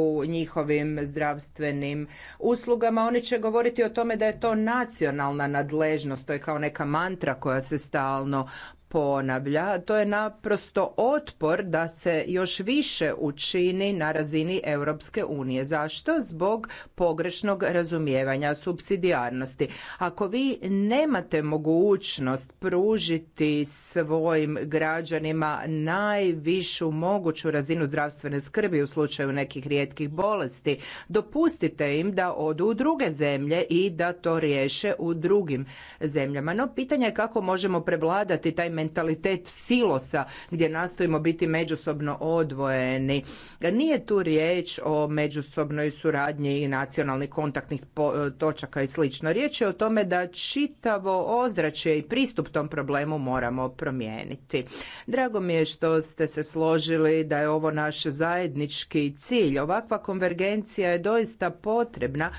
u njihovim zdravstvenim uslugama, oni će govoriti o tome da je to nacionalna nadležnost, to je kao neka mantra koja se stalno ponavlja, to je naprosto otpor da se još više učini na razini Europske unije. Zašto? Zbog pogrešnog razumijevanja subsidijarnosti. Ako vi nemate mogućnost pružiti svojim građanima najvišu moguću razinu zdravstvene skrbi u slučaju nekih rijetkih bolesti, dopustite im da odu u druge zemlje i da to riješe u drugim zemljama. No, pitanje je kako možemo prevladati taj mentalitet silosa gdje nastojimo biti međusobno odvojeni. Nije tu riječ o međusobnoj suradnji i nacionalnih kontaktnih e, točaka i slično. Riječ je o tome da čitavo ozračje i pristup tom problemu moramo promijeniti. Drago mi je što ste se složili da je ovo naš zajednički cilj. Ovakva konvergencija je doista potrebna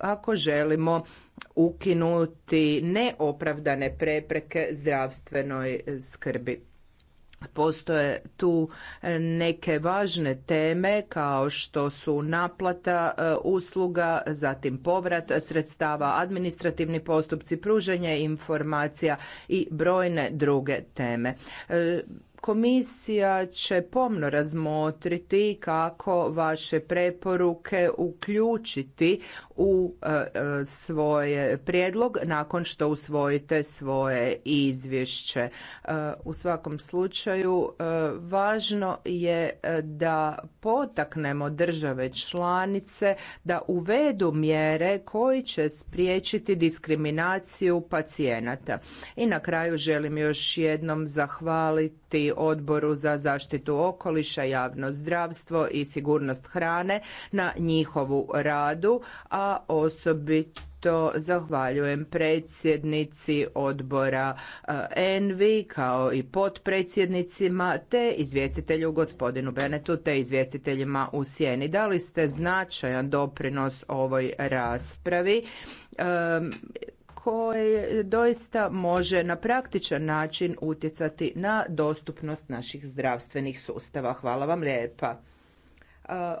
ako želimo ukinuti neopravdane prepreke zdravstvenoj skrbi. Postoje tu neke važne teme kao što su naplata e, usluga, zatim povrat sredstava, administrativni postupci, pružanje informacija i brojne druge teme. E, Komisija će pomno razmotriti kako vaše preporuke uključiti u e, e, svoj prijedlog nakon što usvojite svoje izvješće. E, u svakom slučaju važno je da potaknemo države članice da uvedu mjere koji će spriječiti diskriminaciju pacijenata. I na kraju želim još jednom zahvaliti Odboru za zaštitu okoliša, javno zdravstvo i sigurnost hrane na njihovu radu, a osobito zahvaljujem predsjednici odbora e, Envi kao i potpredsjednicima te izvjestitelju gospodinu Benetu te izvjestiteljima u Sjeni. Dali ste značajan doprinos ovoj raspravi. E, koje doista može na praktičan način utjecati na dostupnost naših zdravstvenih sustava. Hvala vam lijepa.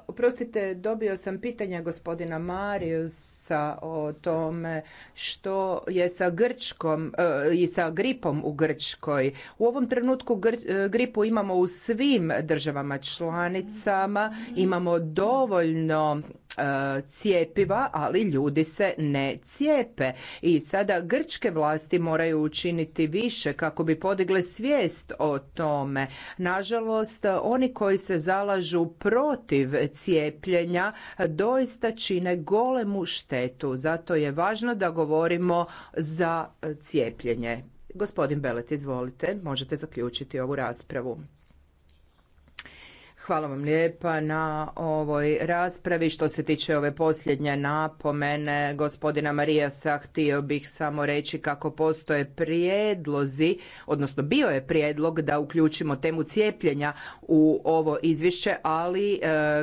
Oprostite, dobio sam pitanja gospodina Mariusa o tome što je sa Grčkom e, i sa gripom u Grčkoj. U ovom trenutku e, gripu imamo u svim državama članicama, imamo dovoljno e, cijepiva, ali ljudi se ne cijepe. I sada grčke vlasti moraju učiniti više kako bi podigle svijest o tome. Nažalost, oni koji se zalažu protiv protiv cijepljenja doista čine golemu štetu. Zato je važno da govorimo za cijepljenje. Gospodin Belet, izvolite, možete zaključiti ovu raspravu. Hvala vam lijepa na ovoj raspravi. Što se tiče ove posljednje napomene gospodina Marijasa, htio bih samo reći kako postoje prijedlozi, odnosno bio je prijedlog da uključimo temu cijepljenja u ovo izvješće, ali e,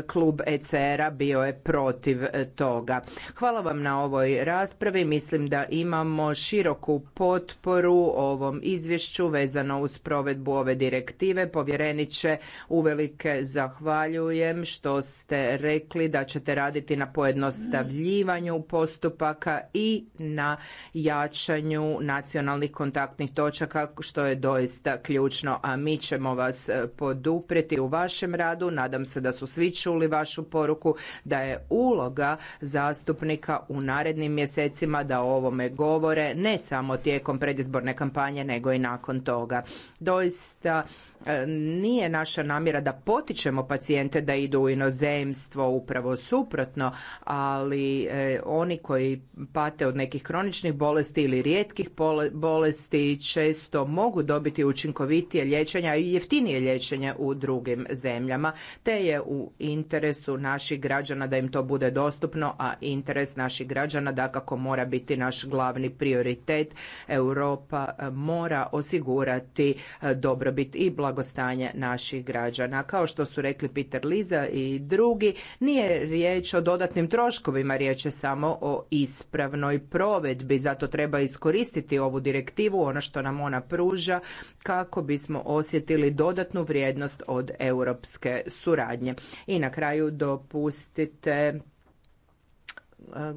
klub ECR-a bio je protiv e, toga. Hvala vam na ovoj raspravi. Mislim da imamo široku potporu ovom izvješću vezano uz provedbu ove direktive. Povjereniće uvelike za zahvaljujem što ste rekli da ćete raditi na pojednostavljivanju postupaka i na jačanju nacionalnih kontaktnih točaka što je doista ključno, a mi ćemo vas poduprijeti u vašem radu. Nadam se da su svi čuli vašu poruku da je uloga zastupnika u narednim mjesecima da o ovome govore ne samo tijekom predizborne kampanje nego i nakon toga. Doista E, nije naša namjera da potičemo pacijente da idu u inozemstvo, upravo suprotno, ali e, oni koji pate od nekih kroničnih bolesti ili rijetkih bolesti često mogu dobiti učinkovitije liječenja i jeftinije liječenje u drugim zemljama, te je u interesu naših građana da im to bude dostupno, a interes naših građana kako mora biti naš glavni prioritet. Europa e, mora osigurati dobrobit i blagostanje naših građana. Kao što su rekli Peter Liza i drugi, nije riječ o dodatnim troškovima, riječ je samo o ispravnoj provedbi. Zato treba iskoristiti ovu direktivu, ono što nam ona pruža, kako bismo osjetili dodatnu vrijednost od europske suradnje. I na kraju dopustite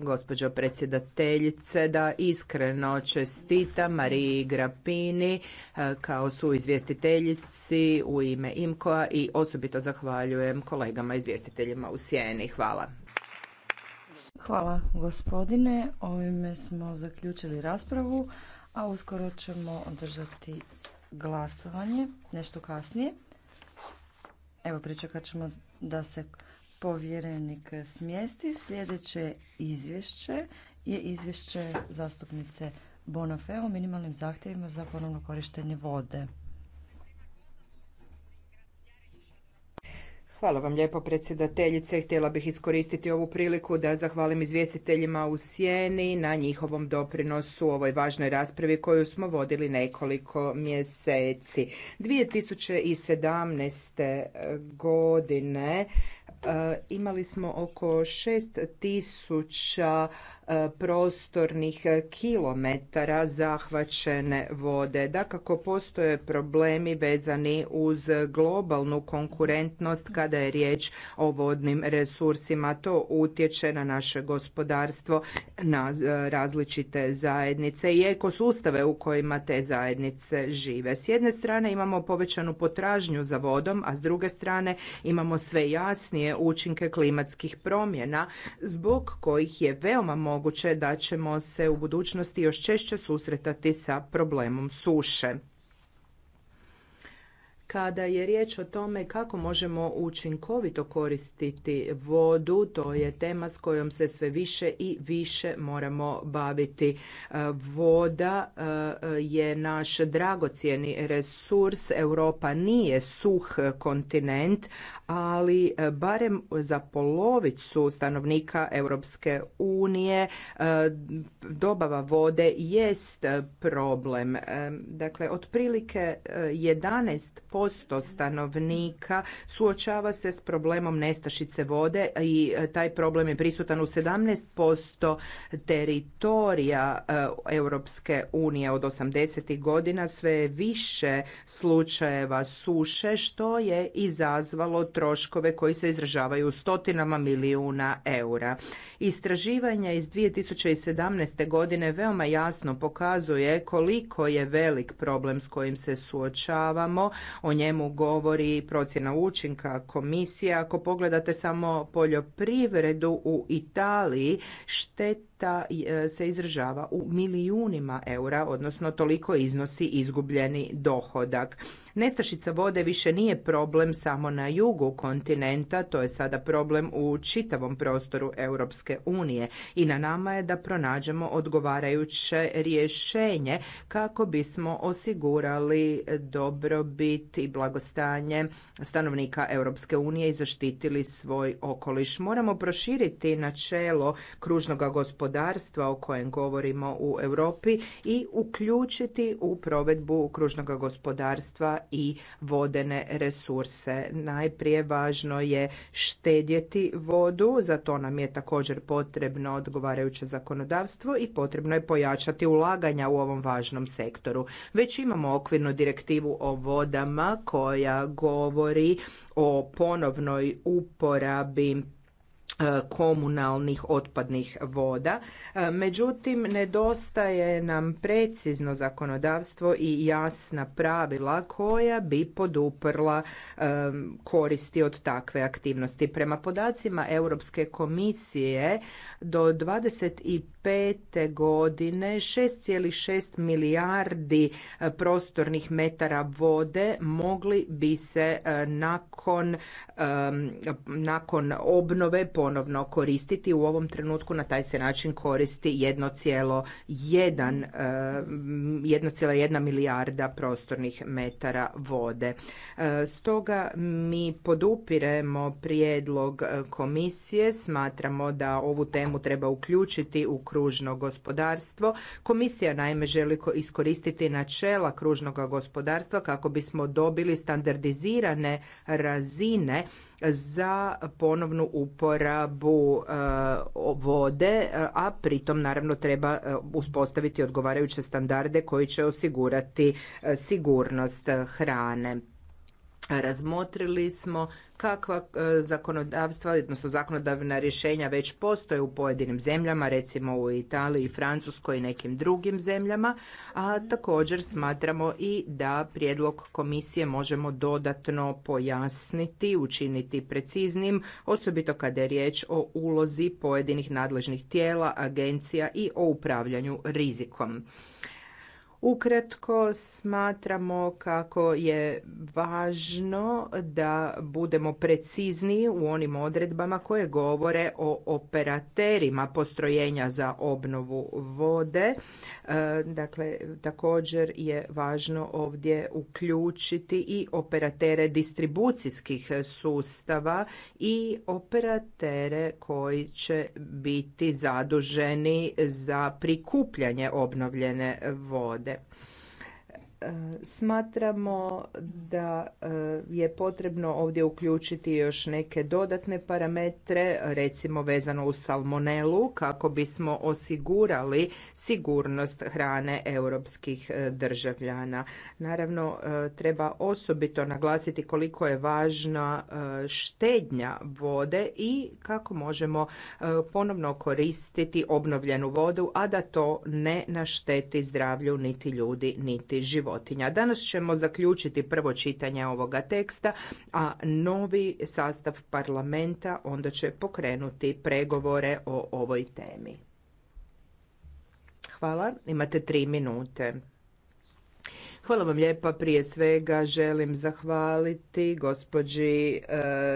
gospođo predsjedateljice da iskreno čestita Mariji Grapini kao su izvjestiteljici u ime IMKOA i osobito zahvaljujem kolegama izvjestiteljima u Sjeni. Hvala. Hvala gospodine. Ovime smo zaključili raspravu, a uskoro ćemo održati glasovanje nešto kasnije. Evo pričekat ćemo da se povjerenik smjesti. Sljedeće izvješće je izvješće zastupnice bonofe o minimalnim zahtjevima za ponovno korištenje vode. Hvala vam lijepo predsjedateljice. Htjela bih iskoristiti ovu priliku da zahvalim izvjestiteljima u Sjeni na njihovom doprinosu u ovoj važnoj raspravi koju smo vodili nekoliko mjeseci. 2017. godine E, imali smo oko 6000 E, prostornih kilometara zahvaćene vode. Dakako postoje problemi vezani uz globalnu konkurentnost kada je riječ o vodnim resursima. To utječe na naše gospodarstvo, na e, različite zajednice i ekosustave u kojima te zajednice žive. S jedne strane imamo povećanu potražnju za vodom, a s druge strane imamo sve jasnije učinke klimatskih promjena zbog kojih je veoma moguće moguće da ćemo se u budućnosti još češće susretati sa problemom suše. Kada je riječ o tome kako možemo učinkovito koristiti vodu, to je tema s kojom se sve više i više moramo baviti. E, voda e, je naš dragocjeni resurs. Europa nije suh kontinent, ali e, barem za polovicu stanovnika Europske unije dobava vode jest problem. Dakle, otprilike 11% posto stanovnika suočava se s problemom nestašice vode i e, taj problem je prisutan u 17% teritorija e, Europske unije od 80. godina sve više slučajeva suše što je izazvalo troškove koji se izražavaju u stotinama milijuna eura. Istraživanje iz 2017. godine veoma jasno pokazuje koliko je velik problem s kojim se suočavamo o njemu govori procjena učinka komisija. Ako pogledate samo poljoprivredu u Italiji, šteta e, se izražava u milijunima eura, odnosno toliko iznosi izgubljeni dohodak. Nestašica vode više nije problem samo na jugu kontinenta, to je sada problem u čitavom prostoru Europske unije i na nama je da pronađemo odgovarajuće rješenje kako bismo osigurali dobrobit i blagostanje stanovnika Europske unije i zaštitili svoj okoliš. Moramo proširiti načelo kružnog gospodarstva o kojem govorimo u Europi i uključiti u provedbu kružnog gospodarstva i vodene resurse. Najprije važno je štedjeti vodu, za to nam je također potrebno odgovarajuće zakonodavstvo i potrebno je pojačati ulaganja u ovom važnom sektoru. Već imamo okvirnu direktivu o vodama koja govori o ponovnoj uporabi E, komunalnih otpadnih voda. E, međutim, nedostaje nam precizno zakonodavstvo i jasna pravila koja bi poduprla e, koristi od takve aktivnosti. Prema podacima Europske komisije do 25. godine 6,6 milijardi prostornih metara vode mogli bi se nakon, nakon obnove ponovno koristiti. U ovom trenutku na taj se način koristi 1,1 e, milijarda prostornih metara vode. E, stoga mi podupiremo prijedlog komisije, smatramo da ovu temu treba uključiti u kružno gospodarstvo. Komisija naime želi iskoristiti načela kružnog gospodarstva kako bismo dobili standardizirane razine za ponovnu uporabu e, vode, e, a pritom naravno treba e, uspostaviti odgovarajuće standarde koji će osigurati sigurnost hrane razmotrili smo kakva e, zakonodavstva, odnosno zakonodavna rješenja već postoje u pojedinim zemljama, recimo u Italiji, Francuskoj i nekim drugim zemljama, a također smatramo i da prijedlog komisije možemo dodatno pojasniti, učiniti preciznim, osobito kada je riječ o ulozi pojedinih nadležnih tijela, agencija i o upravljanju rizikom. Ukratko smatramo kako je važno da budemo precizniji u onim odredbama koje govore o operaterima postrojenja za obnovu vode E, dakle, također je važno ovdje uključiti i operatere distribucijskih sustava i operatere koji će biti zaduženi za prikupljanje obnovljene vode. Smatramo da e, je potrebno ovdje uključiti još neke dodatne parametre, recimo vezano uz salmonelu, kako bismo osigurali sigurnost hrane europskih e, državljana. Naravno, e, treba osobito naglasiti koliko je važna štednja vode i kako možemo ponovno koristiti obnovljenu vodu, a da to ne našteti zdravlju niti ljudi, niti život životinja. Danas ćemo zaključiti prvo čitanje ovoga teksta, a novi sastav parlamenta onda će pokrenuti pregovore o ovoj temi. Hvala, imate tri minute. Hvala vam lijepa. Prije svega želim zahvaliti gospođi e,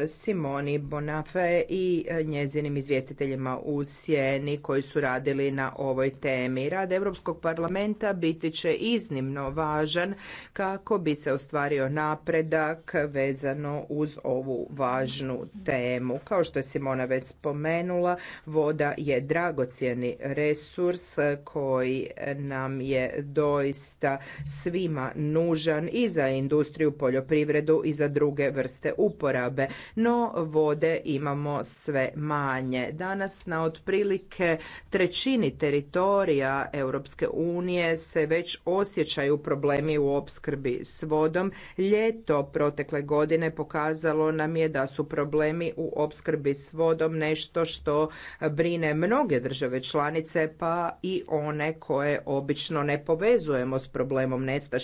Simoni Bonafe i e, njezinim izvjestiteljima u Sjeni koji su radili na ovoj temi. Rad Europskog parlamenta biti će iznimno važan kako bi se ostvario napredak vezano uz ovu važnu temu. Kao što je Simona već spomenula, voda je dragocjeni resurs koji nam je doista svima nužan i za industriju, poljoprivredu i za druge vrste uporabe, no vode imamo sve manje. Danas na otprilike trećini teritorija Europske unije se već osjećaju problemi u opskrbi s vodom. Ljeto protekle godine pokazalo nam je da su problemi u opskrbi s vodom nešto što brine mnoge države članice, pa i one koje obično ne povezujemo s problemom nestašice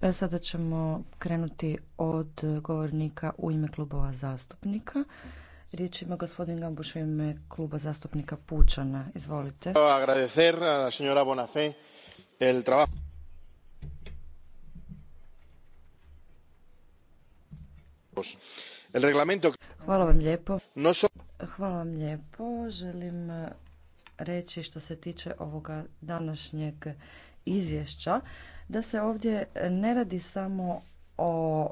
E, sada ćemo krenuti od govornika u ime klubova zastupnika. Riječ ima gospodin Gambuš u ime kluba zastupnika Pučana. Izvolite. Hvala vam lijepo. Hvala vam lijepo. Želim reći što se tiče ovoga današnjeg izvješća da se ovdje ne radi samo o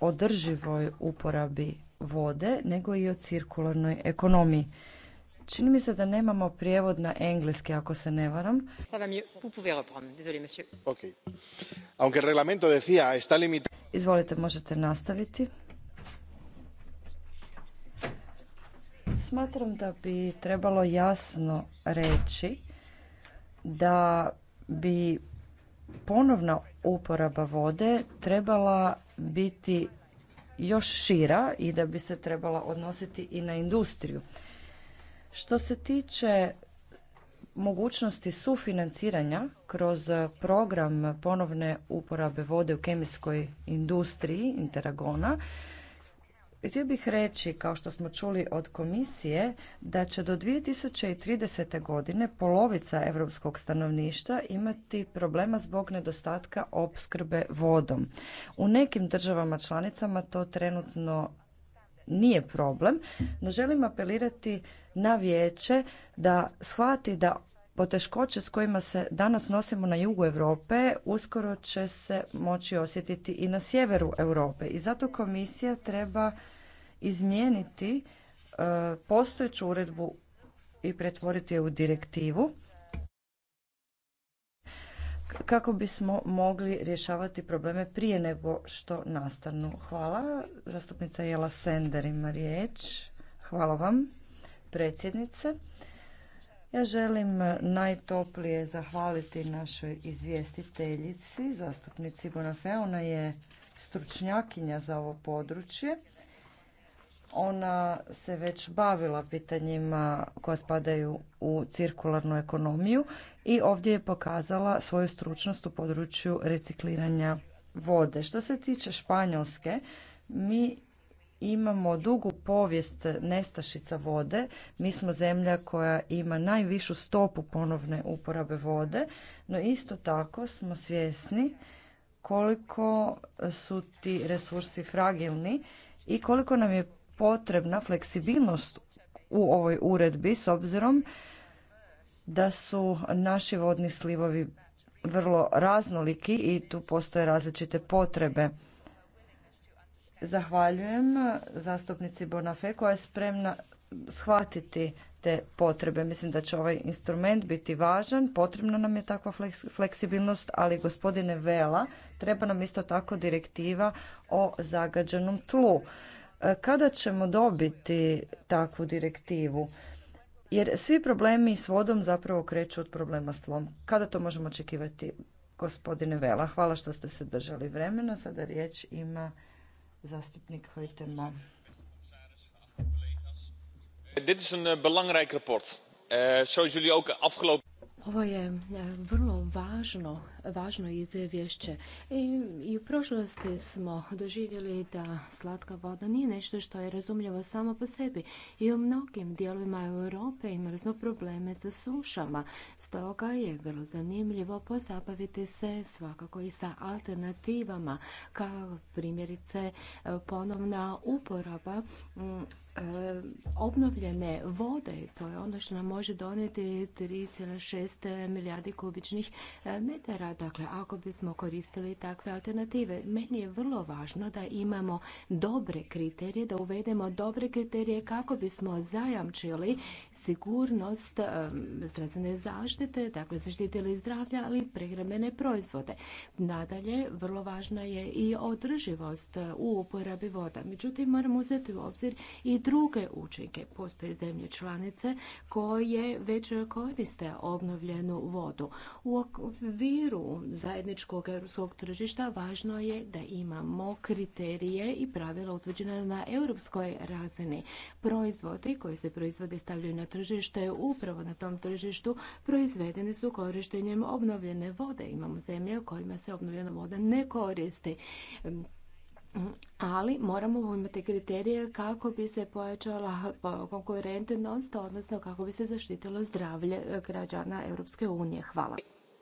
održivoj uporabi vode, nego i o cirkularnoj ekonomiji. Čini mi se da nemamo prijevod na engleski, ako se ne varam. Izvolite, možete nastaviti. Smatram da bi trebalo jasno reći da bi ponovna uporaba vode trebala biti još šira i da bi se trebala odnositi i na industriju. Što se tiče mogućnosti sufinanciranja kroz program ponovne uporabe vode u kemijskoj industriji Interagona, Htio bih reći, kao što smo čuli od komisije, da će do 2030. godine polovica europskog stanovništva imati problema zbog nedostatka opskrbe vodom. U nekim državama članicama to trenutno nije problem, no želim apelirati na vijeće da shvati da poteškoće s kojima se danas nosimo na jugu Europe uskoro će se moći osjetiti i na sjeveru Europe i zato komisija treba izmijeniti e, postojeću uredbu i pretvoriti je u direktivu kako bismo mogli rješavati probleme prije nego što nastanu. Hvala. Zastupnica Jela Sender ima riječ. Hvala vam, predsjednice. Ja želim najtoplije zahvaliti našoj izvjestiteljici, zastupnici Ona je stručnjakinja za ovo područje ona se već bavila pitanjima koja spadaju u cirkularnu ekonomiju i ovdje je pokazala svoju stručnost u području recikliranja vode. Što se tiče Španjolske, mi imamo dugu povijest nestašica vode. Mi smo zemlja koja ima najvišu stopu ponovne uporabe vode, no isto tako smo svjesni koliko su ti resursi fragilni i koliko nam je potrebna fleksibilnost u ovoj uredbi s obzirom da su naši vodni slivovi vrlo raznoliki i tu postoje različite potrebe. Zahvaljujem zastupnici Bonafe koja je spremna shvatiti te potrebe. Mislim da će ovaj instrument biti važan, potrebna nam je takva fleksibilnost, ali gospodine Vela, treba nam isto tako direktiva o zagađenom tlu kada ćemo dobiti takvu direktivu? Jer svi problemi s vodom zapravo kreću od problema s tlom. Kada to možemo očekivati, gospodine Vela? Hvala što ste se držali vremena. Sada riječ ima zastupnik Hojtema. Dit is een eh, belangrijk rapport. Eh, zoals jullie ook afgelopen... Ovo je eh, vrlo važno, važno izvješće. I, I u prošlosti smo doživjeli da slatka voda nije nešto što je razumljivo samo po sebi. I u mnogim dijelovima Europe imali smo probleme sa sušama. Stoga je vrlo zanimljivo pozabaviti se svakako i sa alternativama, kao primjerice e, ponovna uporaba obnovljene vode, to je ono što nam može donijeti 3,6 milijardi kubičnih e, metara. Dakle, ako bismo koristili takve alternative, meni je vrlo važno da imamo dobre kriterije, da uvedemo dobre kriterije kako bismo zajamčili sigurnost e, zdravstvene zaštite, dakle zaštitili zdravlja, ali i prehrambene proizvode. Nadalje, vrlo važna je i održivost e, u uporabi voda. Međutim, moramo uzeti u obzir i druge učinke. Postoje zemlje članice koje već koriste obnovljenu vodu. U okviru zajedničkog europskog tržišta važno je da imamo kriterije i pravila utvrđena na europskoj razini. Proizvodi koji se proizvode stavljaju na tržište upravo na tom tržištu proizvedeni su korištenjem obnovljene vode. Imamo zemlje u kojima se obnovljena voda ne koristi ali moramo imati kriterije kako bi se pojačala konkurentnost, odnosno kako bi se zaštitilo zdravlje eh, građana Europske unije. Hvala.